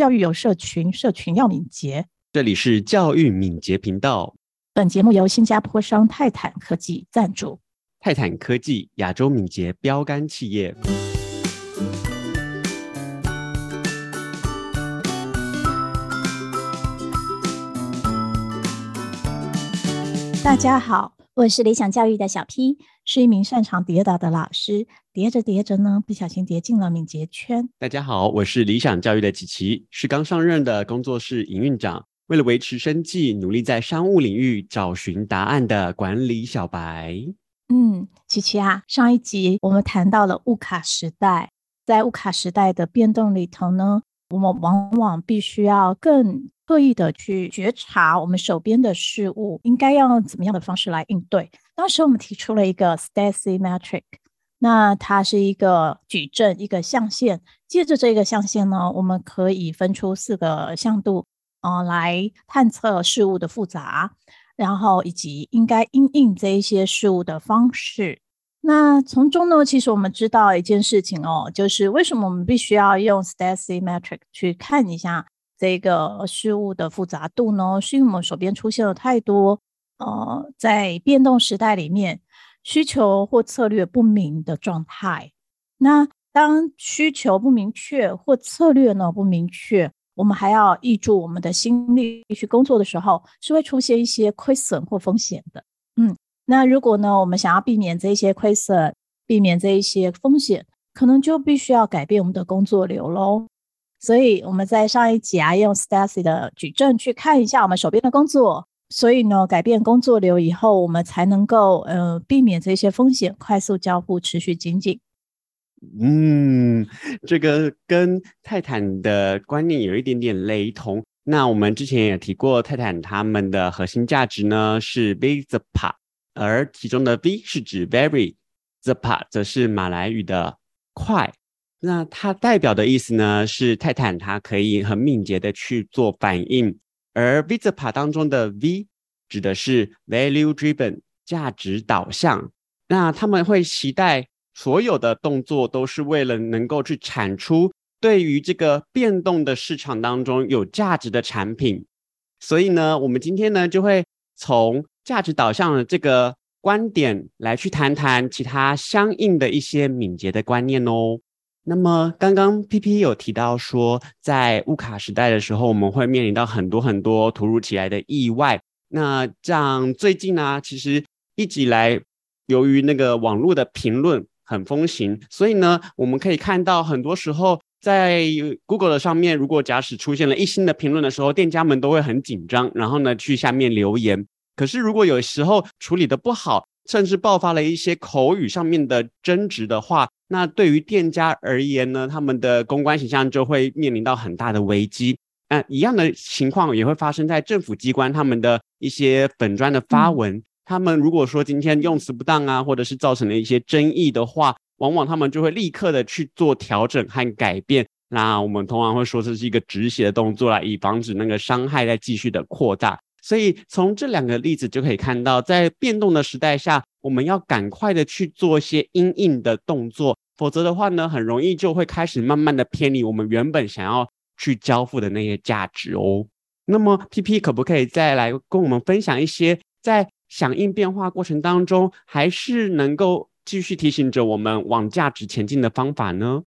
教育有社群，社群要敏捷。這裡是教育敏捷頻道。本節目由新加坡商泰坦科技贊助。泰坦科技亞洲敏捷標杆企業。大家好，我是理想教育的小 P，是一名擅長跌倒的老師。疊着疊着呢，不小心疊進了敏捷圈。大家好，我是理想教育的琪琪，是剛上任的工作室營運長，為了維持生計，努力在商務領域找尋答案的管理小白。嗯，琪琪啊，上一集我們談到了烏卡時代，在烏卡時代的變動裡頭呢，我們往往必須要更刻意的去覺察我們手邊的事物應該要用怎麼樣的方式來應對。當時我們提出了一個 Stacey Matrix。那它是一個矩陣，一個象限。借著這個象限呢，我們可以分出四個向度啊、呃，來探測事物的複雜，然後以及應該因應這一些事物的方式。那從中呢，其實我們知道一件事情哦，就是為什麼我們必須要用 Stacy Metric 去看一下這個事物的複雜度呢？是因為我們手邊出現了太多，呃，在變動時代裡面。需求或策略不明的狀態，那當需求不明確或策略呢不明確，我們還要挹注我們的心力去工作的時候，是會出現一些虧損或風險的。嗯，那如果呢，我們想要避免這些虧損，避免這一些風險，可能就必須要改變我們的工作流嘍。所以我們在上一集啊，用 Stacy 的矩陣去看一下我們手邊的工作。所以呢，改變工作流以後，我們才能夠呃避免這些風險，快速交互，持續精進。嗯，這個跟泰坦的觀念有一點點雷同。那我們之前也提過，泰坦他們的核心價值呢是 V the pat 而其中的 “v” 是指 “very”，the pat 則是馬來語的“快”。那它代表的意思呢是泰坦它可以很敏捷的去做反應。而 Vizpa 當中的 V 指的是 Value Driven，價值導向。那他們會期待所有的動作都是為了能夠去產出對於這個變動的市場當中有價值的產品。所以呢，我們今天呢就會從價值導向的這個觀點來去談談其他相應的一些敏捷的觀念哦。那麼剛剛 PP 有提到說，在烏卡時代的時候，我們會面臨到很多很多突如其來的意外。那這樣最近呢、啊，其實一直以來，由於那個網絡的評論很風行，所以呢，我們可以看到很多時候在 Google 的上面，如果假使出現了一星的評論的時候，店家們都會很緊張，然後呢去下面留言。可是如果有時候處理得不好，甚至爆發了一些口語上面的爭執的話，那對於店家而言呢，他們的公關形象就會面臨到很大的危機。那、呃、一樣的情況也會發生在政府機關他們的一些粉專，的發文，嗯、他們如果說今天用詞不當啊，或者是造成了一些爭議的話，往往他們就會立刻的去做調整和改變。那我們通常會說，這是一個止血的動作來、啊，以防止那個傷害再繼續的擴大。所以從這兩個例子就可以看到，在變動的時代下，我們要趕快的去做一些因應的動作，否則的話呢，很容易就會開始慢慢的偏離我們原本想要去交付的那些價值哦。那麼，P P 可不可以再來跟我們分享一些在響應變化過程當中，還是能夠繼續提醒着我們往價值前進的方法呢？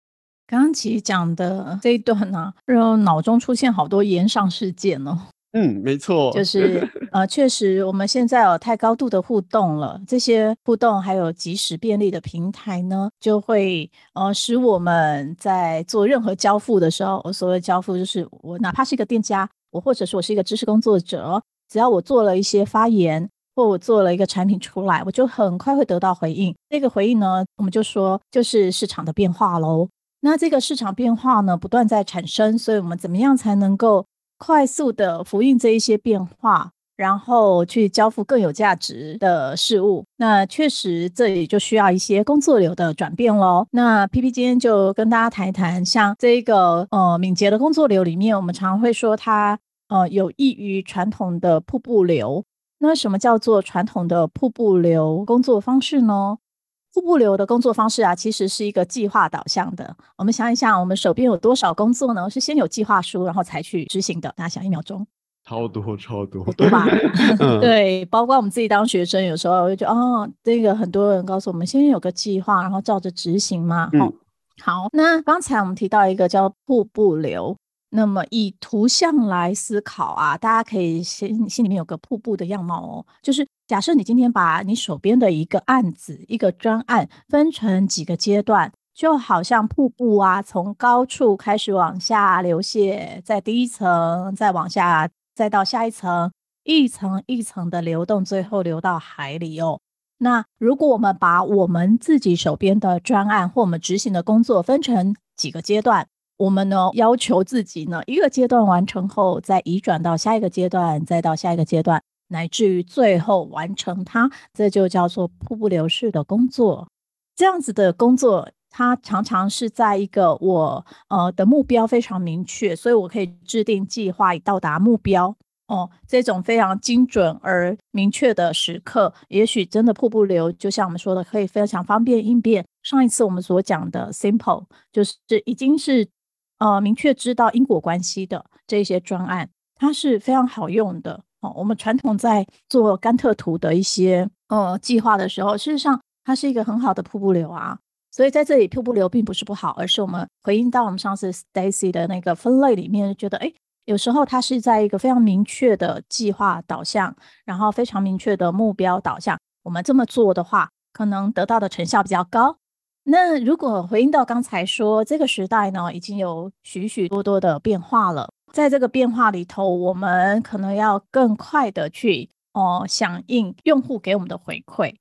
剛剛其實講的這一段呢、啊，然後腦中出現好多炎上事件哦。嗯，沒錯，就是呃，確實，我們現在有、哦、太高度的互動了，這些互動還有及時便利的平台呢，就會呃使我們在做任何交付的時候，我所謂交付就是我哪怕是一個店家，我或者是我是一個知識工作者，只要我做了一些發言或我做了一個產品出來，我就很快會得到回應。那個回應呢，我們就說就是市場的變化嘍。那這個市場變化呢，不斷在產生，所以我們怎麼樣才能夠？快速地回應這一些變化，然後去交付更有價值的事物。那確實，這裡就需要一些工作流的轉變嘍。那 P P 今天就跟大家談一談，像這一個呃敏捷的工作流裡面，我們常會說它呃有異於傳統的瀑布流。那什麼叫做傳統的瀑布流工作方式呢？瀑布流的工作方式啊，其實是一個計劃導向的。我們想一想，我們手邊有多少工作呢？是先有計劃書，然後才去執行的？大家想一秒鐘，超多超多，超多對吧？嗯、 對，包括我們自己當學生，有時候就哦，那個很多人告訴我們，先有個計劃，然後照着執行嘛。好、嗯，好，那剛才我們提到一個叫瀑布流。那麼以圖像來思考啊，大家可以心心裡面有個瀑布的樣貌哦。就是假設你今天把你手邊的一個案子、一個專案分成幾個階段，就好像瀑布啊，從高處開始往下流瀉，在第一層，再往下，再到下一層，一層一層的流動，最後流到海裡哦。那如果我們把我們自己手邊的專案或我們執行的工作分成幾個階段。我們呢要求自己呢，一個階段完成後，再移轉到下一個階段，再到下一個階段，乃至於最後完成它，這就叫做瀑布流式的工作。這樣子的工作，它常常是在一個我呃的目標非常明確，所以我可以制定計劃以到達目標。哦，這種非常精準而明確的時刻，也許真的瀑布流，就像我們說的，可以非常方便應變。上一次我們所講的 simple，就是這已經是。呃，明確知道因果關係的這些專案，它是非常好用的。哦，我們傳統在做甘特圖的一些呃計劃的時候，事實上它是一個很好的瀑布流啊。所以在這裡，瀑布流並不是不好，而是我們回應到我們上次 Stacy 的那個分類裡面，覺得哎，有時候它是在一個非常明確的計劃導向，然後非常明確的目標導向，我們這麼做的話，可能得到的成效比較高。那如果回應到剛才說這個時代呢，已經有許許多多的變化了。在這個變化裡頭，我們可能要更快地去哦、呃、響應用戶給我們的回饋。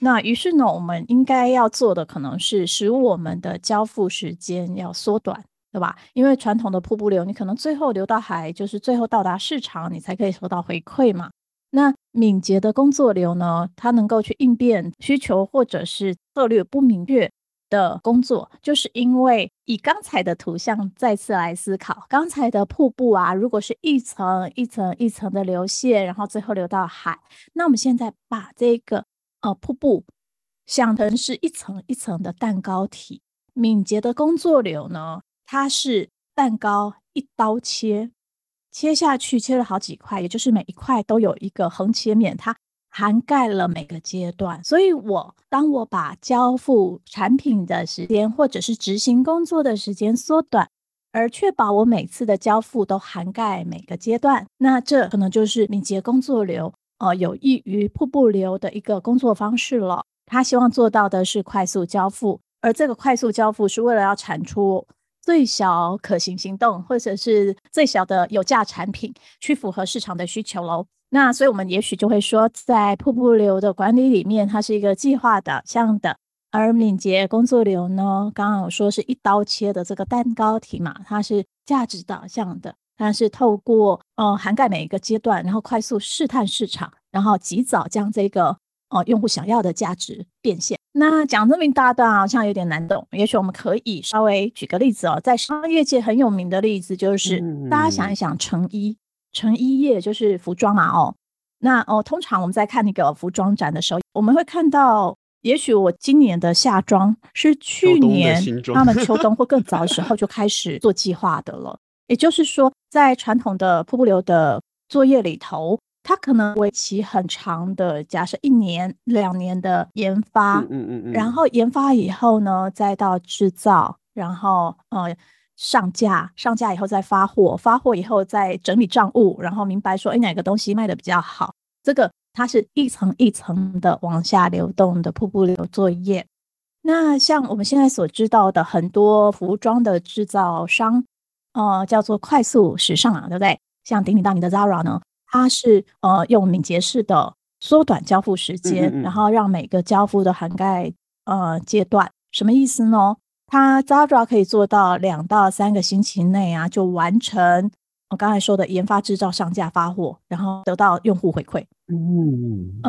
那於是呢，我們應該要做的可能是使我們的交付時間要縮短，對吧？因為傳統的瀑布流，你可能最後流到海，就是最後到達市場，你才可以收到回饋嘛。那敏捷的工作流呢，它能夠去應變需求或者是。策略不明確的工作，就是因為以剛才的圖像再次來思考，剛才的瀑布啊，如果是一層一層一層的流線，然後最後流到海，那我們現在把這個呃瀑布想成是一層一層的蛋糕體，敏捷的工作流呢，它是蛋糕一刀切，切下去切了好幾塊，也就是每一塊都有一個橫切面，它涵蓋了每個階段，所以我當我把交付產品的時間或者是執行工作的時間縮短，而確保我每次的交付都涵蓋每個階段，那這可能就是敏捷工作流，哦、呃，有異於瀑布流的一個工作方式了。他希望做到的是快速交付，而這個快速交付是為了要產出最小可行行動，或者是最小的有價產品，去符合市場的需求嘍。那所以，我們也許就會說，在瀑布流的管理裡面，它是一個計劃導向的；而敏捷工作流呢，剛剛我說是一刀切的這個蛋糕體嘛，它是價值導向的，它是透過呃涵蓋每一個階段，然後快速試探市場，然後及早將這個呃用戶想要的價值變現。那講這麼一大段，好像有點難懂。也許我們可以稍微舉個例子哦，在商業界很有名的例子就是，大家想一想成衣，成衣、嗯。成衣業就是服裝嘛，哦，那哦，通常我們在看那個服裝展的時候，我們會看到，也許我今年的夏裝是去年他們秋冬或更早的時候就開始做計劃的了。 也就是說，在傳統的瀑布流的作業裡頭，它可能為期很長的，假設一年、兩年的研發，嗯嗯嗯，嗯嗯然後研發以後呢，再到制造，然後嗯。呃上架，上架以後再發貨，發貨以後再整理賬務，然後明白說，哎，哪個東西賣的比較好？這個它是一層一層的往下流動的瀑布流作業。那像我們現在所知道的很多服裝的製造商，呃，叫做快速時尚啊，對不對？像鼎鼎大名的 Zara 呢，它是呃用敏捷式的縮短交付時間，嗯嗯嗯，然後讓每個交付的涵蓋呃階段，什麼意思呢？他 Zara 可以做到兩到三個星期內啊，就完成我剛才說的研發、制造、上架、發貨，然後得到用戶回饋。嗯，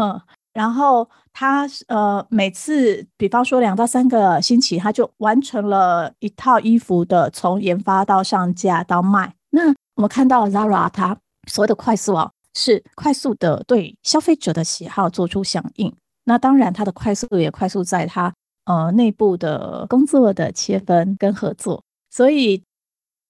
然後他呃每次，比方說兩到三個星期，他就完成了一套衣服的從研發到上架到賣。那我們看到 Zara 它所謂的快速啊，哦，是快速的對消費者的喜好做出響應。那當然，它的快速也快速在它。呃，內部的工作的切分跟合作，所以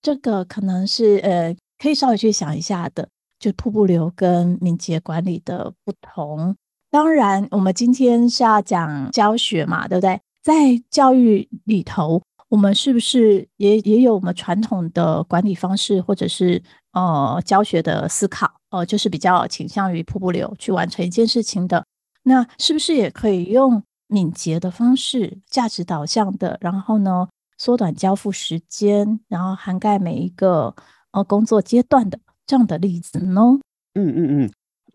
這個可能是呃，可以稍微去想一下的，就瀑布流跟敏捷管理的不同。當然，我們今天是要講教學嘛，對不對？在教育裡頭，我們是不是也也有我們傳統的管理方式，或者是呃教學的思考？呃，就是比較傾向於瀑布流去完成一件事情的，那是不是也可以用？敏捷的方式，價值導向的，然後呢，縮短交付時間，然後涵蓋每一個呃工作階段的這樣的例子呢？嗯嗯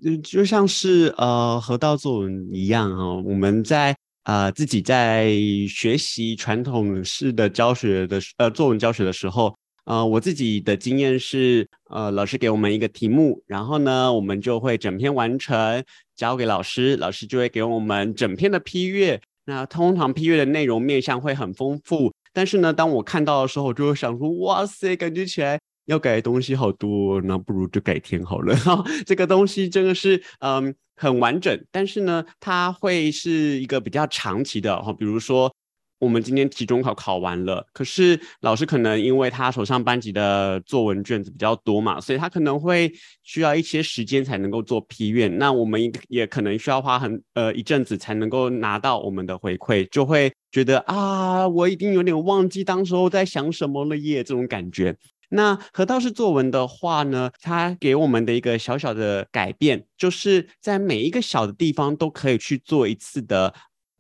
嗯，就就像是呃，河道作文一樣啊、哦，我們在呃自己在學習傳統式的教學的呃作文教學的時候。呃，我自己的經驗是，呃，老師給我們一個題目，然後呢，我們就會整篇完成，交給老師，老師就會給我們整篇的批閱。那通常批閱的內容面向會很豐富，但是呢，當我看到的時候，我就會想說，哇塞，感覺起來要改的東西好多，那不如就改天好了。哈， 這個東西真的是，嗯，很完整，但是呢，它會是一個比較長期的哈，比如說。我們今天期中考考完了，可是老師可能因為他手上班級的作文卷子比較多嘛，所以他可能會需要一些時間才能夠做批閱。那我們也可能需要花很呃一陣子才能夠拿到我們的回饋，就會覺得啊，我已經有點忘記當時候在想什麼了耶，這種感覺。那河道式作文的話呢，它給我們的一個小小的改變，就是在每一個小的地方都可以去做一次的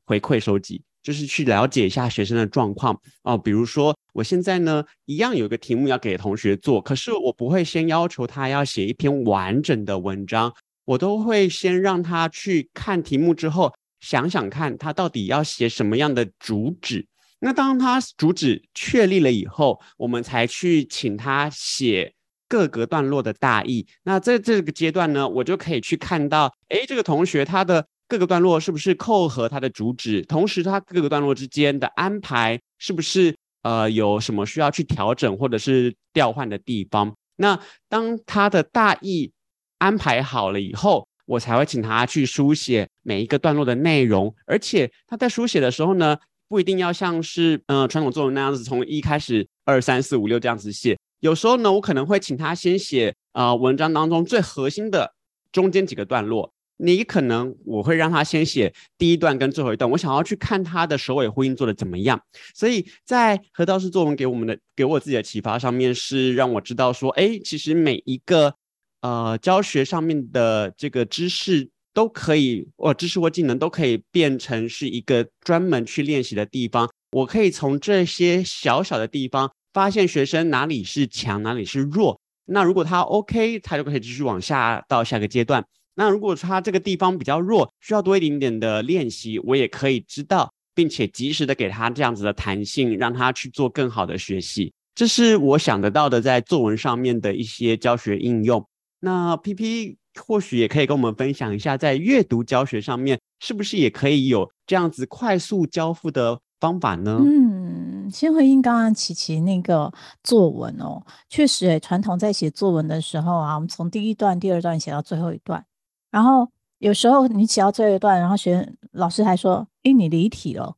回饋收集。就是去了解一下學生的狀況哦，比如說我現在呢，一樣有一個題目要給同學做，可是我不會先要求他要寫一篇完整的文章，我都會先讓他去看題目之後想想看他到底要寫什麼樣的主旨。那當他主旨確立了以後，我們才去請他寫各個段落的大意。那在這個階段呢，我就可以去看到，哎，這個同學他的。各個段落是不是扣合它的主旨？同時，它各個段落之間的安排是不是呃有什麼需要去調整或者是調換的地方？那當它的大意安排好了以後，我才會請他去書寫每一個段落的內容。而且他在書寫的時候呢，不一定要像是呃傳統作文那樣子從一開始二三四五六這樣子寫。有時候呢，我可能會請他先寫啊、呃、文章當中最核心的中間幾個段落。你可能我會讓他先寫第一段跟最後一段，我想要去看他的首尾呼應做得怎麼樣。所以在合道式作文給我們的給我自己的啟發上面，是讓我知道說，哎，其實每一個呃教學上面的這個知識都可以，我、哦、知識或技能都可以變成是一個專門去練習的地方。我可以從這些小小的地方發現學生哪裡是強，哪裡是弱。那如果他 OK，他就可以繼續往下到下個階段。那如果他這個地方比較弱，需要多一點點的練習，我也可以知道，並且及時的給他這樣子的彈性，讓他去做更好的學習。這是我想得到的在作文上面的一些教學應用。那 PP 或許也可以跟我們分享一下，在閱讀教學上面是不是也可以有這樣子快速交付的方法呢？嗯，先回應剛剛琪琪那個作文哦，確實，傳統在寫作文的時候啊，我們從第一段、第二段寫到最後一段。然後有時候你寫到最後一段，然後學，老師還說：“哎，你離題了。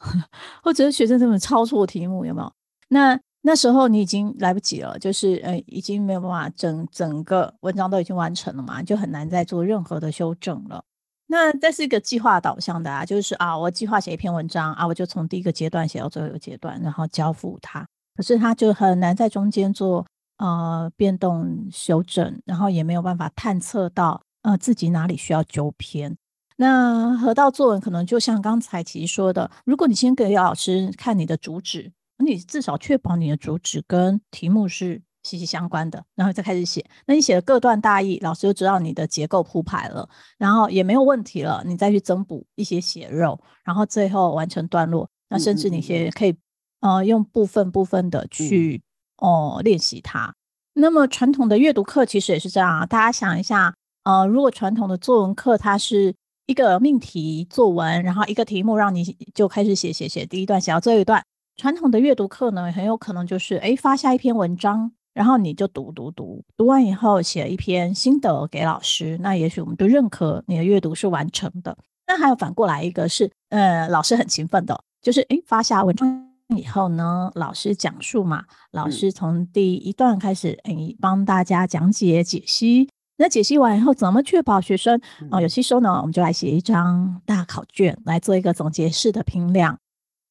”或者學生這麼抄錯題目，有沒有？那那時候你已經來不及了，就是呃、嗯，已經沒有辦法整整個文章都已經完成了嘛，就很難再做任何的修正了。那這是一個計劃導向的啊，就是啊，我計劃寫一篇文章啊，我就從第一個階段寫到最後一個階段，然後交付它。可是他就很難在中間做呃變動修正，然後也沒有辦法探測到。啊、呃，自己哪裡需要糾偏？那合到作文可能就像剛才琪琪說的，如果你先給老師看你的主旨，你至少確保你的主旨跟題目是息息相關的，然後再開始寫。那你寫的各段大意，老師就知道你的結構鋪排了，然後也沒有問題了。你再去增補一些血肉，然後最後完成段落。那甚至你也可以，嗯、呃，用部分部分的去哦練習它。那麼傳統的閱讀課其實也是這樣啊，大家想一下。呃，如果傳統的作文課，它是一個命題作文，然後一個題目讓你就開始寫寫寫，寫，第一段寫到最後一段。傳統的閱讀課呢，很有可能就是哎發下一篇文章，然後你就讀讀讀，讀完以後寫一篇心得給老師，那也許我們就認可你的閱讀是完成的。那還有反過來一個是，呃，老師很勤奮的，就是哎發下文章以後呢，老師講述嘛，老師從第一段開始，嗯、哎幫大家講解解析。那解析完以後，怎麼確保學生啊、呃、有吸收呢？我們就來寫一張大考卷，來做一個總結式的評量。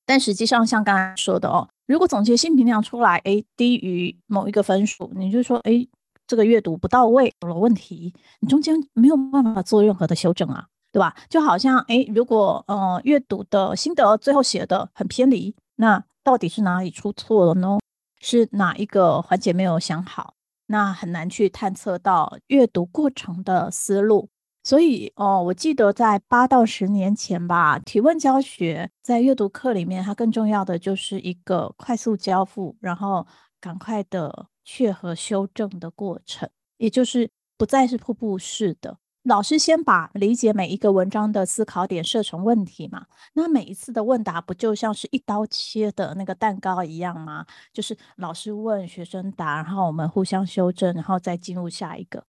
但實際上，像剛才說的哦，如果總結性評量出來，哎，低於某一個分數，你就說，哎，這個閱讀不到位，有了問題，你中間沒有辦法做任何的修正啊，對吧？就好像，哎，如果呃閱讀的心得最後寫的很偏離，那到底是哪裡出錯了呢？是哪一個環節沒有想好？那很難去探測到閱讀過程的思路，所以哦，我記得在八到十年前吧，提問教學在閱讀課裡面，它更重要的就是一個快速交付，然後趕快的確和修正的過程，也就是不再是瀑布式的。老師先把理解每一個文章的思考點設成問題嘛，那每一次的問答不就像是一刀切的那個蛋糕一樣嗎？就是老師問學生答，然後我們互相修正，然後再進入下一個，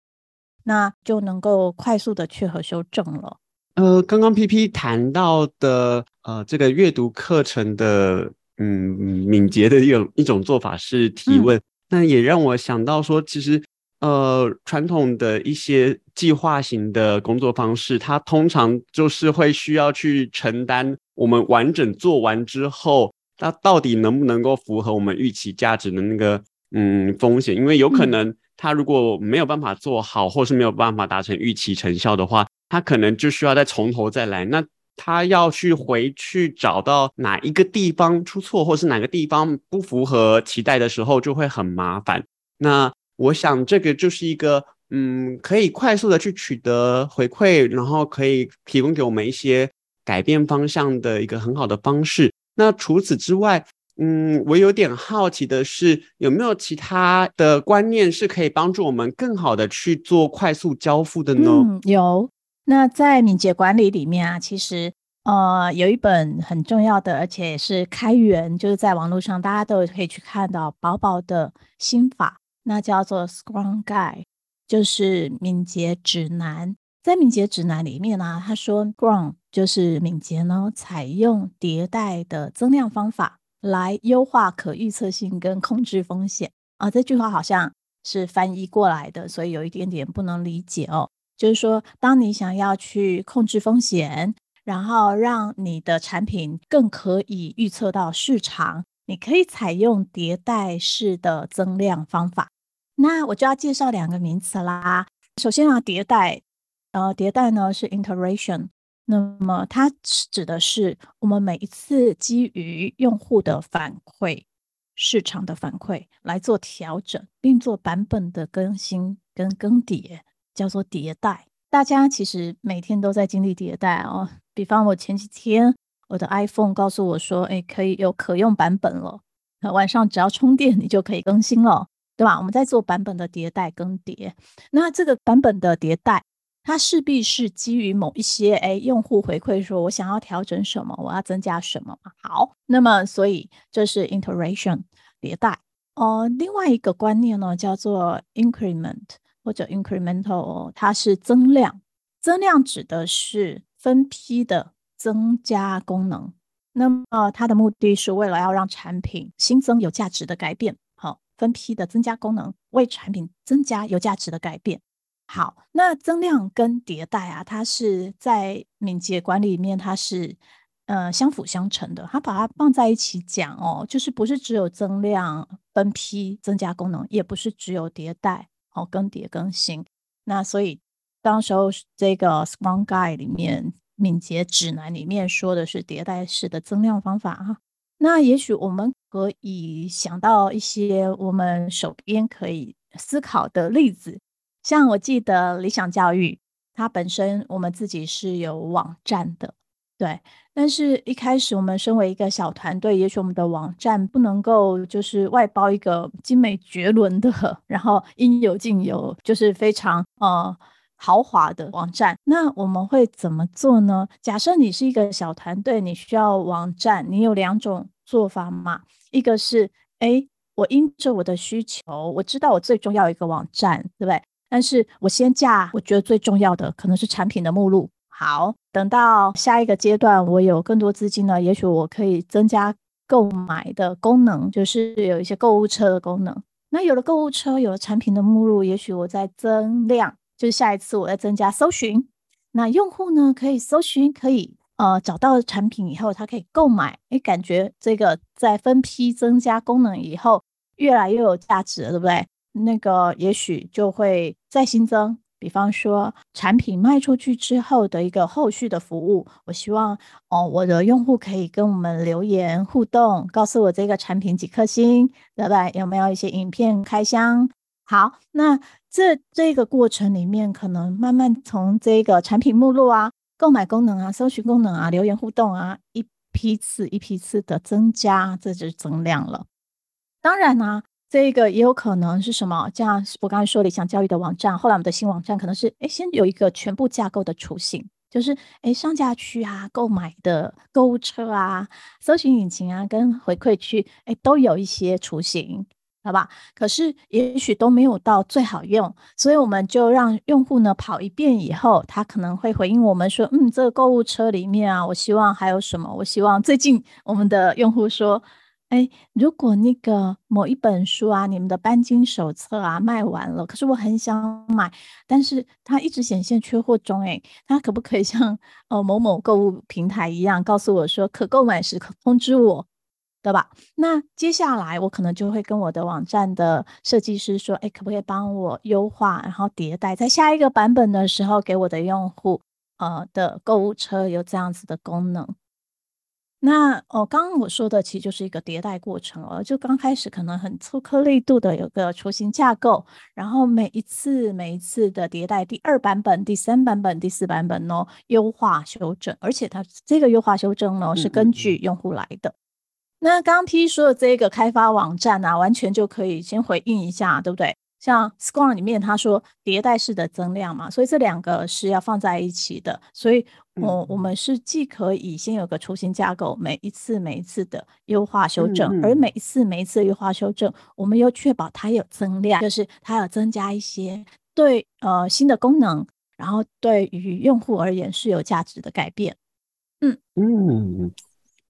那就能夠快速的去和修正了。呃，剛剛 P P 談到的呃，這個閱讀課程的嗯，敏捷的一種一種做法是提問，那、嗯、也讓我想到說，其實。呃，傳統的一些計劃型的工作方式，它通常就是會需要去承擔我們完整做完之後，它到底能不能夠符合我們預期價值的那個，嗯，風險，因為有可能它如果沒有辦法做好，嗯、或是沒有辦法達成預期成效的話，它可能就需要再從頭再來。那它要去回去找到哪一個地方出錯，或是哪個地方不符合期待的時候，就會很麻煩。那。我想這個就是一個，嗯，可以快速的去取得回饋，然後可以提供給我們一些改變方向的一個很好的方式。那除此之外，嗯，我有點好奇的是，有沒有其他的觀念是可以幫助我們更好的去做快速交付的呢？嗯，有。那在敏捷管理裡面啊，其實呃，有一本很重要的，而且也是開源，就是在網絡上大家都可以去看到《薄薄的心法》。那叫做 Scrum Guide，就是敏捷指南。在敏捷指南裡面呢、啊，他說 Scrum 就是敏捷呢、哦，採用迭代的增量方法來優化可預測性跟控制風險啊。這句話好像是翻譯過來的，所以有一點點不能理解哦。就是說，當你想要去控制風險，然後讓你的產品更可以預測到市場，你可以採用迭代式的增量方法。那我就要介紹兩個名詞啦。首先啊，迭代，呃，迭代呢是 iteration，n 那麼它指的是我們每一次基於用戶的反饋、市場的反饋來做調整，並做版本的更新跟更迭，叫做迭代。大家其實每天都在經歷迭代哦。比方我前幾天我的 iPhone 告訴我說：“誒，可以有可用版本了，晚上只要充電你就可以更新了。”對吧？我們在做版本的迭代、更迭。那這個版本的迭代，它勢必是基於某一些哎用戶回饋，說我想要調整什麼，我要增加什麼嘛。好，那麼所以這是 iteration 迭代。哦、呃，另外一個觀念呢叫做 increment 或者 incremental，它是增量。增量指的是分批的增加功能，那麼它的目的是為了要讓產品新增有價值的改變。分批的增加功能，為產品增加有價值的改變。好，那增量跟迭代啊，它是在敏捷管理裡面，它是呃相輔相成的。它把它放在一起講哦，就是不是只有增量分批增加功能，也不是只有迭代哦更迭更新。那所以當時候這個 Scrum Guide 裡面敏捷指南裡面說的是迭代式的增量方法哈、啊，那也許我們。所以想到一些我們手邊可以思考的例子，像我記得理想教育，它本身我們自己是有網站的，對。但是一開始我們身為一個小團隊，也許我們的網站不能夠就是外包一個精美絕倫的，然後應有盡有，就是非常呃。豪華的網站，那我們會怎麼做呢？假設你是一個小團隊，你需要網站，你有兩種做法嘛？一個是，哎、欸，我因着我的需求，我知道我最重要一個網站，對不對？但是我先架我覺得最重要的可能是產品的目錄。好，等到下一個階段，我有更多資金呢，也許我可以增加購買的功能，就是有一些購物車的功能。那有了購物車，有了產品的目錄，也許我再增量。就是下一次我要增加搜尋，那用戶呢，可以搜尋，可以呃找到的產品以後，他可以購買。誒，感覺這個在分批增加功能以後，越來越有價值了，對不對？那個也許就會再新增，比方說產品賣出去之後的一個後續的服務，我希望哦、呃、我的用戶可以跟我們留言互動，告訴我這個產品幾顆星，對不對？有沒有一些影片開箱？好，那這這個過程裡面，可能慢慢從這個產品目錄啊、購買功能啊、搜尋功能啊、留言互動啊，一批次一批次的增加，這就是增量了。當然呢，啊，這個也有可能是什麼？像我剛才說理想教育的網站，後來我們的新網站可能是，哎，先有一個全部架構的雛形，就是，哎，上架區啊、購買的購物車啊、搜尋引擎啊、跟回饋區，哎，都有一些雛形。好吧，可是也許都沒有到最好用，所以我們就讓用戶呢跑一遍以後，他可能會回應我們說，嗯，這個購物車裡面啊，我希望還有什麼？我希望最近我們的用戶說，哎、欸，如果那個某一本書啊，你們的班經手冊啊賣完了，可是我很想買，但是他一直顯現缺貨中、欸，哎，他可不可以像呃某某購物平台一樣，告訴我說可購買時可通知我？對吧？那接下來我可能就會跟我的網站的設計師說：“哎，可不可以幫我優化，然後迭代，在下一個版本的時候給我的用戶呃的購物車有這樣子的功能。那”那哦，剛剛我說的其實就是一個迭代過程，就剛開始可能很粗顆粒度的有個雛形架構，然後每一次每一次的迭代，第二版本、第三版本、第四版本呢、哦，優化修正，而且它這個優化修正呢、哦、是根據用戶來的。嗯嗯嗯。那剛剛 P 說的這個開發網站呢、啊，完全就可以先回應一下，對不對？像 Scrum 裡面他說迭代式，的增量嘛，所以這兩個是要放在一起的。所以，我、呃、我們是既可以先有個雛形架構，每一次每一次的優化修正，嗯嗯、而每一次每一次的優化修正，我們又確保它有增量，就是它有增加一些對呃新的功能，然後對於用戶而言是有價值的改變。嗯嗯。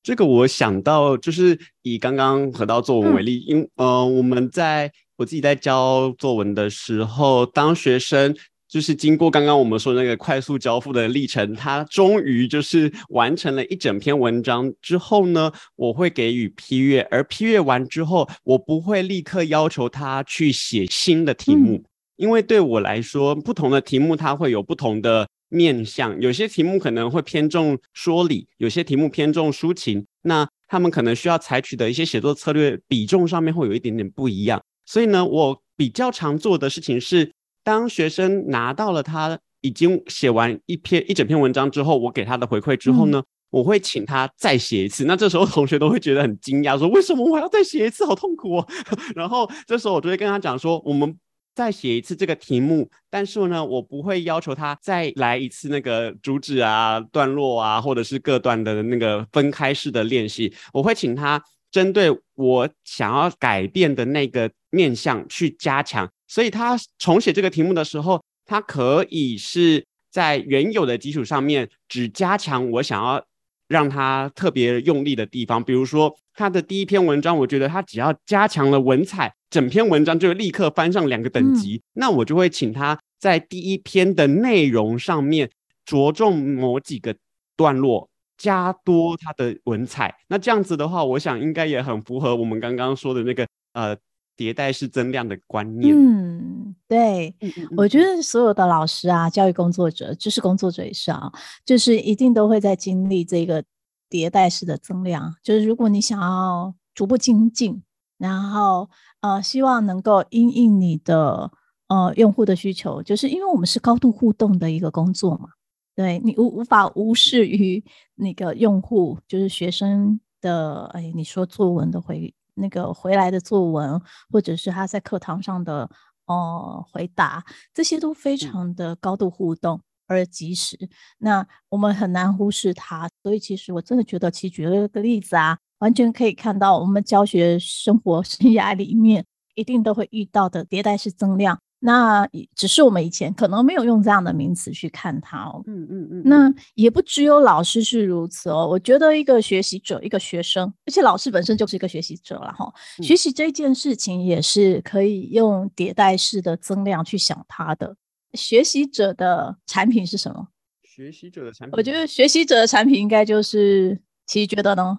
這個我想到就是以剛剛合到作文為例，嗯、因呃我們在我自己在教作文的時候，當學生就是經過剛剛我們說那個快速交付的歷程，他終於就是完成了一整篇文章之後呢，我會給予批閱，而批閱完之後，我不會立刻要求他去寫新的題目，嗯、因為對我來說，不同的題目它會有不同的。面向，有些題目可能會偏重說理，有些題目偏重抒情，那他們可能需要採取的一些寫作策略比重上面會有一點點不一樣。所以呢，我比較常做的事情是，當學生拿到了他已經寫完一篇一整篇文章之後，我給他的回饋之後呢，嗯、我會請他再寫一次。那這時候同學都會覺得很驚訝，說，為什麼我還要再寫一次，好痛苦哦。 然後這時候我就會跟他講說，我們。再寫一次這個題目，但是呢，我不會要求他再來一次那個主旨啊、段落啊，或者是各段的那個分開式的練習。我會請他針對我想要改變的那個面向去加強。所以他重寫這個題目的時候，他可以是在原有的基礎上面只加強我想要讓他特別用力的地方，比如說。他的第一篇文章，我覺得他只要加強了文采，整篇文章就立刻翻上兩個等級。嗯、那我就會請他在第一篇的內容上面着重某幾個段落，加多他的文采。那這樣子的話，我想應該也很符合我們剛剛說的那個呃迭代式增量的觀念。嗯，對，嗯嗯嗯我覺得所有的老師啊，教育工作者，知識工作者也是啊，就是一定都會在經歷這個。迭代式的增量，就是如果你想要逐步精進，進，然後呃，希望能夠因應你的呃用戶的需求，就是因為我們是高度互動的一個工作嘛，對，你無無法無視於那個用戶，就是學生的哎，你說作文的回那個回來的作文，或者是他在課堂上的呃回答，這些都非常的高度互動。嗯而及時，那我們很難忽視它，所以其實我真的覺得，其實舉了個例子啊，完全可以看到我們教學生活生涯裡面一定都會遇到的迭代式增量。那只是我們以前可能沒有用這樣的名詞去看它哦。嗯嗯嗯。嗯嗯，那也不只有老師是如此哦，我覺得一個學習者、一個學生，而且老師本身就是一個學習者了哈。學習這件事情也是可以用迭代式的增量去想它的。學習者的產品是什麼？學習者的產品，我覺得學習者的產品應該就是，其實覺得呢，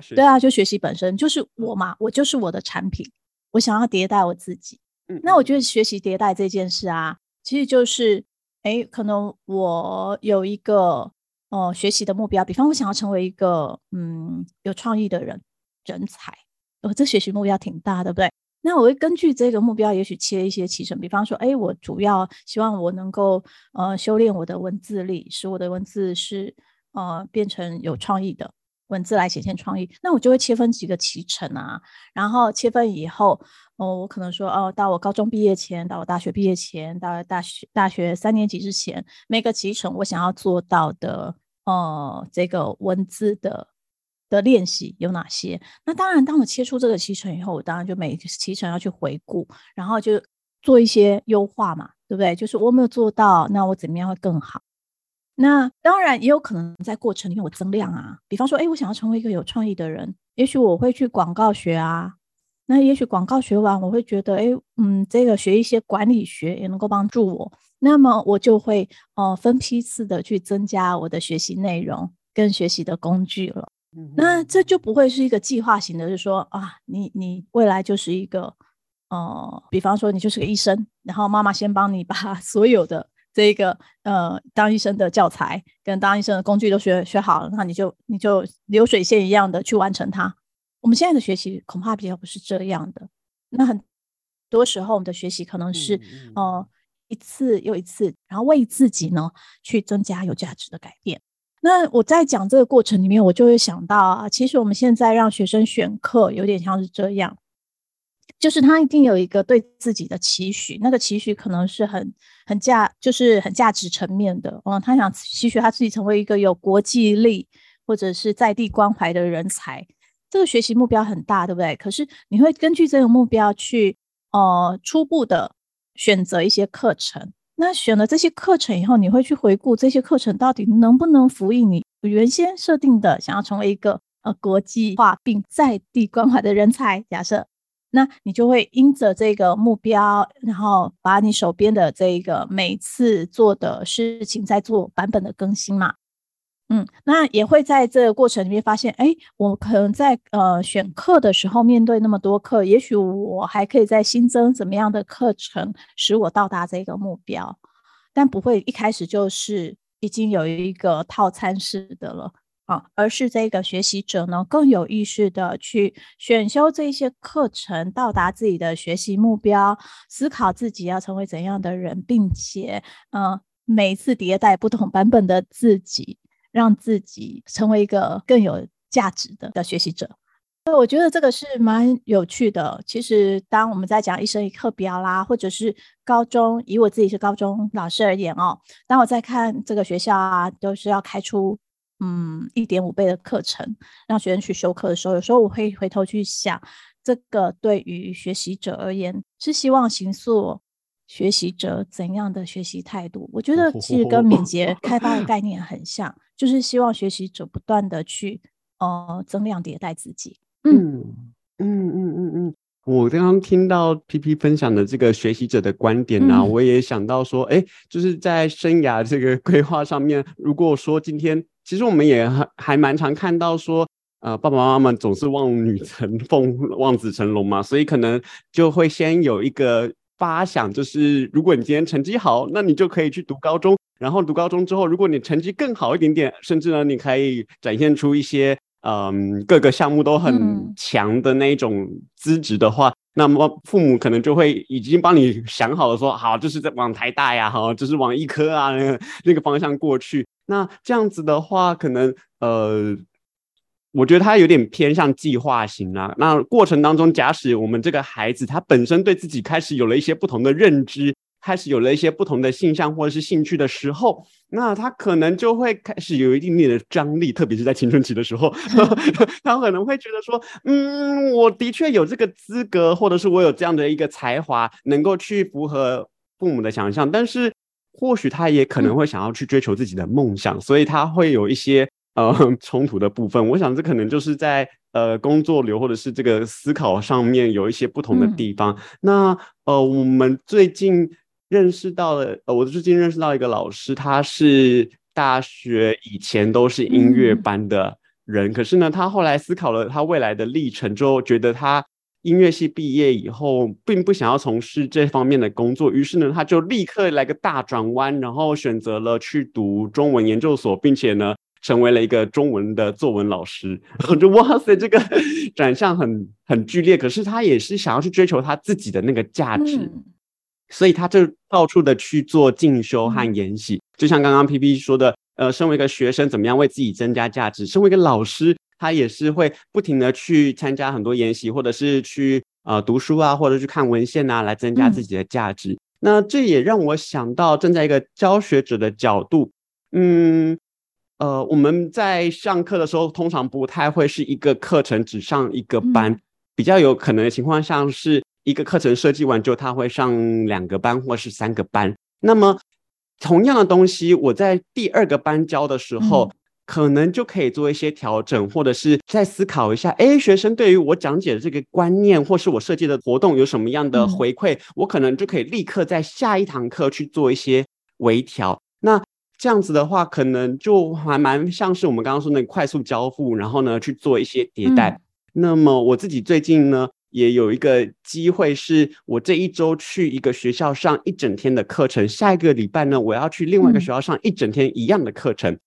是對啊，就學習本身就是我嘛，嗯、我就是我的產品，我想要迭代我自己。嗯，嗯，那我覺得學習迭代這件事啊，其實就是，哎，可能我有一個、呃、學習的目標，比方我想要成為一個嗯有創意的人人才，我、哦、這學習目標挺大，對不對？那我會根據這個目標，也許切一些期程，比方說，哎，我主要希望我能夠，呃，修煉我的文字力，使我的文字是，呃，變成有創意的文字來顯現創意。那我就會切分幾個期程啊，然後切分以後，哦、呃，我可能說，哦、呃，到我高中畢業前，到我大學畢業前，到大學大學三年級之前，每個期程我想要做到的，哦、呃，這個文字的。的練習有哪些？那當然，當我切出這個期程以後，我當然就每期程要去回顧，然後就做一些優化嘛，對不對？就是我沒有做到，那我怎麼樣會更好？那當然也有可能在過程裡面我增量啊，比方說，哎，我想要成為一個有創意的人，也許我會去廣告學啊。那也許廣告學完，我會覺得，哎，嗯，這個學一些管理學也能夠幫助我。那麼我就會哦、呃、分批次的去增加我的學習內容跟學習的工具了。 那這就不會是一個計劃型的。就是說啊，你你未來就是一個，呃比方說你就是個醫生，然後媽媽先幫你把所有的這一個呃當醫生的教材跟當醫生的工具都學學好了，那你就你就流水線一樣的去完成它。我們現在的學習恐怕比較不是這樣的，那很多時候我們的學習可能是呃一次又一次，然後為自己呢去增加有價值的改變。那我在講這個過程裡面，我就會想到啊，其實我們現在讓學生選課，有點像是這樣，就是他一定有一個對自己的期許，那個期許可能是很很價，就是很價值層面的，哦，他想期許他自己成為一個有國際力或者是在地關懷的人才，這個學習目標很大，對不對？可是你會根據這個目標去，呃，初步的選擇一些課程。那選了這些課程以後，你會去回顧這些課程到底能不能服務你原先設定的想要成為一個呃國際化並在地關懷的人才？假設，那你就會因着這個目標，然後把你手邊的這個每次做的事情在做版本的更新嘛？嗯，那也會在這個過程裡面發現，哎，我可能在呃選課的時候面對那麼多課，也許我還可以再新增怎麼樣的課程，使我到達這個目標，但不會一開始就是已經有一個套餐式的了啊，而是這個學習者呢，更有意識的去選修這些課程，到達自己的學習目標，思考自己要成為怎樣的人，並且嗯、呃，每次迭代不同版本的自己。讓自己成為一個更有價值的的學習者，我覺得這個是蠻有趣的。其實，當我們在講一生一課表啦，或者是高中，以我自己是高中老師而言哦，當我在看這個學校啊，都、就是要開出嗯一點五倍的課程，讓學生去修課的時候，有時候我會回頭去想，這個對於學習者而言是希望形塑學習者怎樣的學習態度？我覺得其實跟敏捷開發的概念很像，哦哦哦、就是希望學習者不斷的去呃增量迭代自己。嗯嗯嗯嗯嗯，我剛剛聽到 P P 分享的這個學習者的觀點呢、啊，嗯、我也想到說，哎、欸，就是在生涯這個規劃上面，如果說今天其實我們也還還蠻常看到說，呃，爸爸媽媽總是望女成鳳、望子成龍嘛，所以可能就會先有一個。發想就是，如果你今天成績好，那你就可以去讀高中。然後讀高中之後，如果你成績更好一點點，甚至呢，你可以展現出一些嗯、呃、各個項目都很強的那種資質的話，嗯、那麼父母可能就會已經幫你想好了說，說好就是在往台大呀，好就是往醫科啊那個方向過去。那這樣子的話，可能呃。我覺得他有點偏向計劃型了，啊。那過程當中，假使我們這個孩子他本身對自己開始有了一些不同的認知，開始有了一些不同的性向或者是興趣的時候，那他可能就會開始有一點點的張力，特別是在青春期的時候，嗯、 他可能會覺得說：“嗯，我的確有這個資格，或者是我有這樣的一個才華，能夠去符合父母的想象。”但是，或許他也可能會想要去追求自己的夢想，嗯、所以他會有一些。呃，衝突的部分，我想這可能就是在呃工作流或者是這個思考上面有一些不同的地方。嗯、那呃，我們最近認識到了，呃，我最近認識到一個老師，他是大學以前都是音樂班的人，嗯、可是呢，他後來思考了他未來的歷程之後，就覺得他音樂系畢業以後並不想要從事這方面的工作，於是呢，他就立刻來個大轉彎，然後選擇了去讀中文研究所，並且呢。成為了一個中文的作文老師，我就哇塞，這個轉向很很劇烈。可是他也是想要去追求他自己的那個價值，嗯、所以他就到處的去做進修和研習。就像剛剛 P P 說的，呃，身為一個學生，怎麼樣為自己增加價值？身為一個老師，他也是會不停的去參加很多研習，或者是去啊、呃、讀書啊，或者去看文獻啊，來增加自己的價值。嗯、那這也讓我想到，站在一個教學者的角度，嗯。呃，我們在上課的時候，通常不太會是一個課程只上一個班，嗯、比較有可能的情況下，是一個課程設計完之後，他會上兩個班或是三個班。那麼，同樣的東西，我在第二個班教的時候，嗯、可能就可以做一些調整，或者是再思考一下，哎，學生對於我講解的這個觀念，或是我設計的活動有什麼樣的回饋，嗯、我可能就可以立刻在下一堂課去做一些微調。那。這樣子的話，可能就還蠻像是我們剛剛說的那快速交付，然後呢，去做一些迭代。嗯、那麼我自己最近呢，也有一個機會，是我這一周去一個學校上一整天的課程，下一個禮拜呢，我要去另外一個學校上一整天一樣的課程。嗯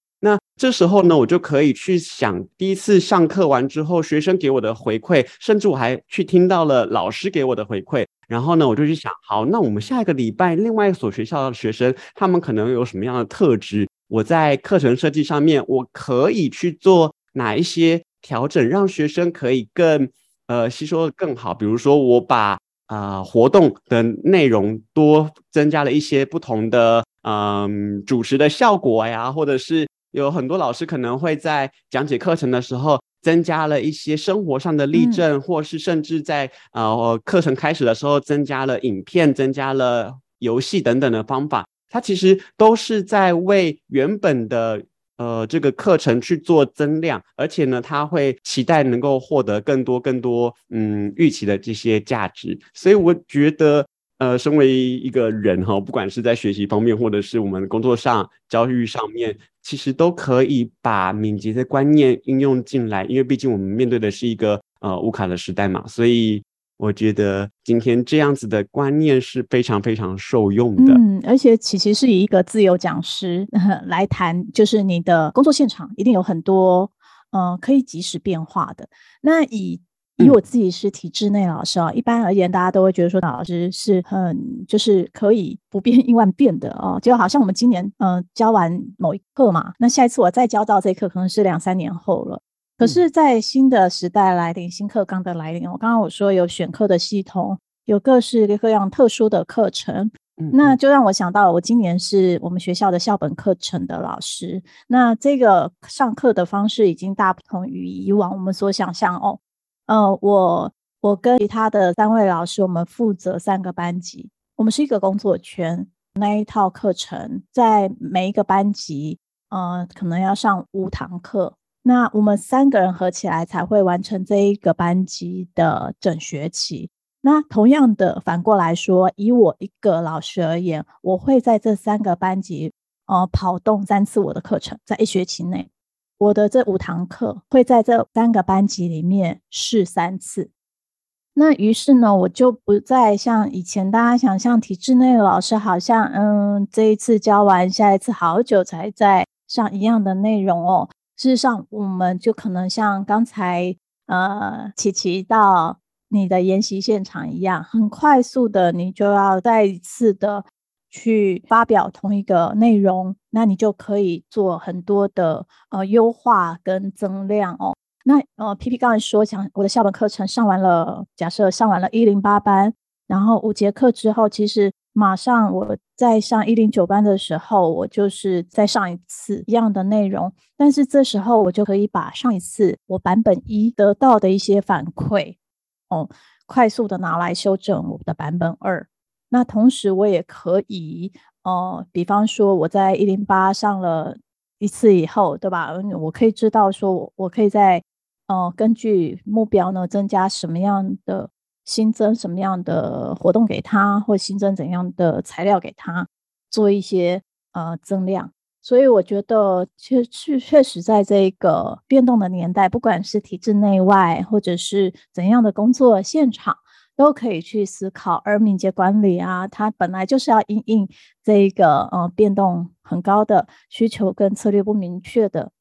這時候呢，我就可以去想，第一次上課完之後，學生給我的回饋，甚至我還去聽到了老師給我的回饋。然後呢，我就去想，好，那我們下一個禮拜，另外一所學校的學生，他們可能有什麼樣的特質？我在課程設計上面，我可以去做哪一些調整，讓學生可以更呃吸收的更好？比如說，我把啊、呃、活動的內容多增加了一些不同的嗯、呃、主持的效果呀，或者是。有很多老師可能會在講解課程的時候增加了一些生活上的例證，嗯、或是甚至在呃課程開始的時候增加了影片、增加了遊戲等等的方法。它其實都是在為原本的呃這個課程去做增量，而且呢，它會期待能夠獲得更多更多嗯預期的這些價值。所以我覺得。呃，身為一個人哈，不管是在學習方面，或者是我們工作上、教育上面，其實都可以把敏捷的觀念應用進來。因為畢竟我們面對的是一個呃烏卡的時代嘛，所以我覺得今天這樣子的觀念是非常非常受用的。嗯，而且其實是以一個自由講師呵呵來談，就是你的工作現場一定有很多呃可以及時變化的。那以嗯、以我自己是體制內老師啊、哦，一般而言，大家都會覺得說，老師是很就是可以不變應萬變的啊、哦。就好像我們今年，嗯、呃，教完某一課嘛，那下一次我再教到這一課，可能是兩三年後了。可是，在新的時代來臨，嗯、新課綱的來臨，我剛剛我說有選課的系統，有各式各樣特殊的課程，嗯嗯那就讓我想到，我今年是我們學校的校本課程的老師，那這個上課的方式已經大不同於以往我們所想象哦。呃，我我跟其他的三位老師，我們負責三個班級，我們是一個工作圈，那一套課程在每一個班級，呃，可能要上五堂課，那我們三個人合起來才會完成這一個班級的整學期。那同樣的，反過來說，以我一個老師而言，我會在這三個班級，呃，跑動三次我的課程，在一學期內。我的這五堂課會在這三個班級裡面試三次，那於是呢，我就不再像以前大家想象，體制內的老師好像，嗯，這一次教完，下一次好久才再上一樣的內容哦。事實上，我們就可能像剛才呃，琪琪到你的研習現場一樣，很快速的，你就要再一次的。去發表同一個內容，那你就可以做很多的呃優化跟增量哦。那呃，P P 剛才說想，我的校本課程上完了，假設上完了一零八班，然後五節課之後，其實馬上我在上一零九班的時候，我就是再上一次一樣的內容，但是這時候我就可以把上一次我版本一得到的一些反饋哦，快速的拿來修正我的版本二。那同時我也可以，呃比方說我在一零八上了一次以後，對吧？我可以知道說我，我可以在，呃根據目標呢，增加什麼樣的、新增什麼樣的活動給他，或新增怎樣的材料給他，做一些呃增量。所以我覺得確確確實在這個變動的年代，不管是體制內外，或者是怎樣的工作現場，都可以去思考，而敏捷管理啊，它本來就是要因應這一個呃變動很高的需求跟策略不明確的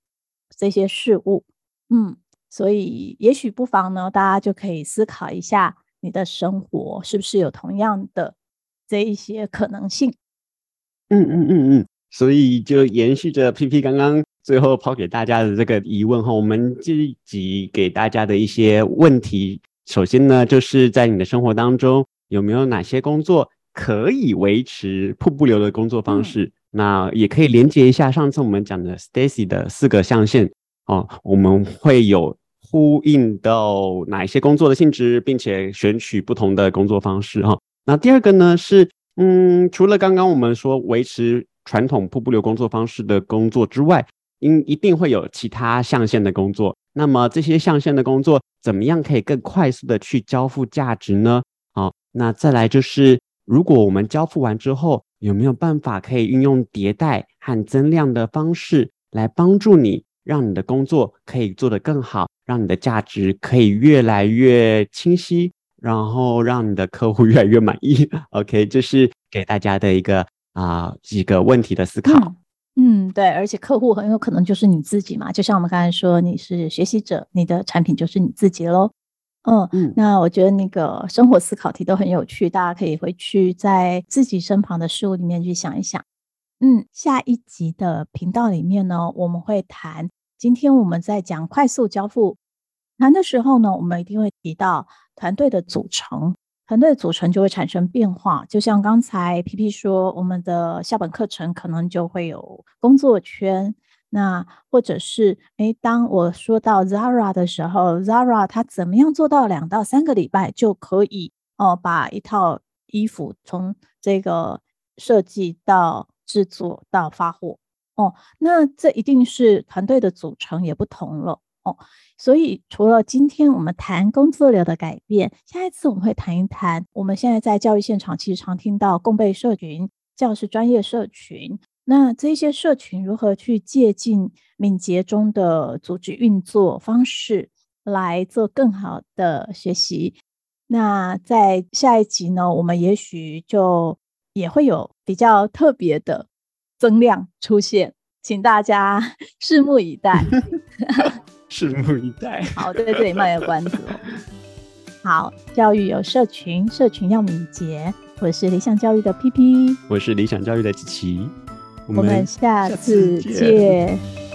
這些事物，嗯，所以也許不妨呢，大家就可以思考一下，你的生活是不是有同樣的這一些可能性？嗯嗯嗯嗯，所以就延續着 P P 剛剛最後拋給大家的這個疑問哈，我們這一集給大家的一些問題。首先呢，就是在你的生活當中有沒有哪些工作可以維持瀑布流的工作方式？嗯、那也可以連接一下上次我們講的 Stacey 的四個象限哦，我們會有呼應到哪一些工作的性質，並且選取不同的工作方式啊、哦。那第二個呢是，嗯，除了剛剛我們說維持傳統瀑布流工作方式的工作之外，應一定會有其他象限的工作。那麼這些象限的工作怎麼樣可以更快速的去交付價值呢？好，那再來就是，如果我們交付完之後，有沒有辦法可以運用迭代和增量的方式，來幫助你，讓你的工作可以做得更好，讓你的價值可以越來越清晰，然後讓你的客戶越來越滿意？OK，這是給大家的一個啊、呃、幾個問題的思考。嗯嗯，對，而且客戶很有可能就是你自己嘛，就像我們剛才說，你是學習者，你的產品就是你自己嘍。嗯嗯，那我覺得那個生活思考題都很有趣，大家可以回去在自己身旁的事物裡面去想一想。嗯，下一集的頻道裡面呢，我們會談，今天我們在講快速交付，談的時候呢，我們一定會提到團隊的組成。團隊組成就會產生變化，就像剛才皮皮說，我們的校本課程可能就會有工作圈，那或者是誒，當我說到 Zara 的時候，Zara 它怎麼樣做到兩到三個禮拜就可以哦，把一套衣服從這個設計到制作到發貨哦，那這一定是團隊的組成也不同了。哦，所以除了今天我們談工作流的改變，下一次我們會談一談我們現在在教育現場其實常聽到共備社群、教師專業社群，那這些社群如何去借鑒敏捷中的組織運作方式來做更好的學習？那在下一集呢，我們也許就也會有比較特別的增量出現，請大家拭目以待。 拭目以待，好，對對，這裡賣個關子。 好，教育有社群，社群要敏捷。我是理想教育的 P P，我是理想教育的子琪，我們，我們下次見。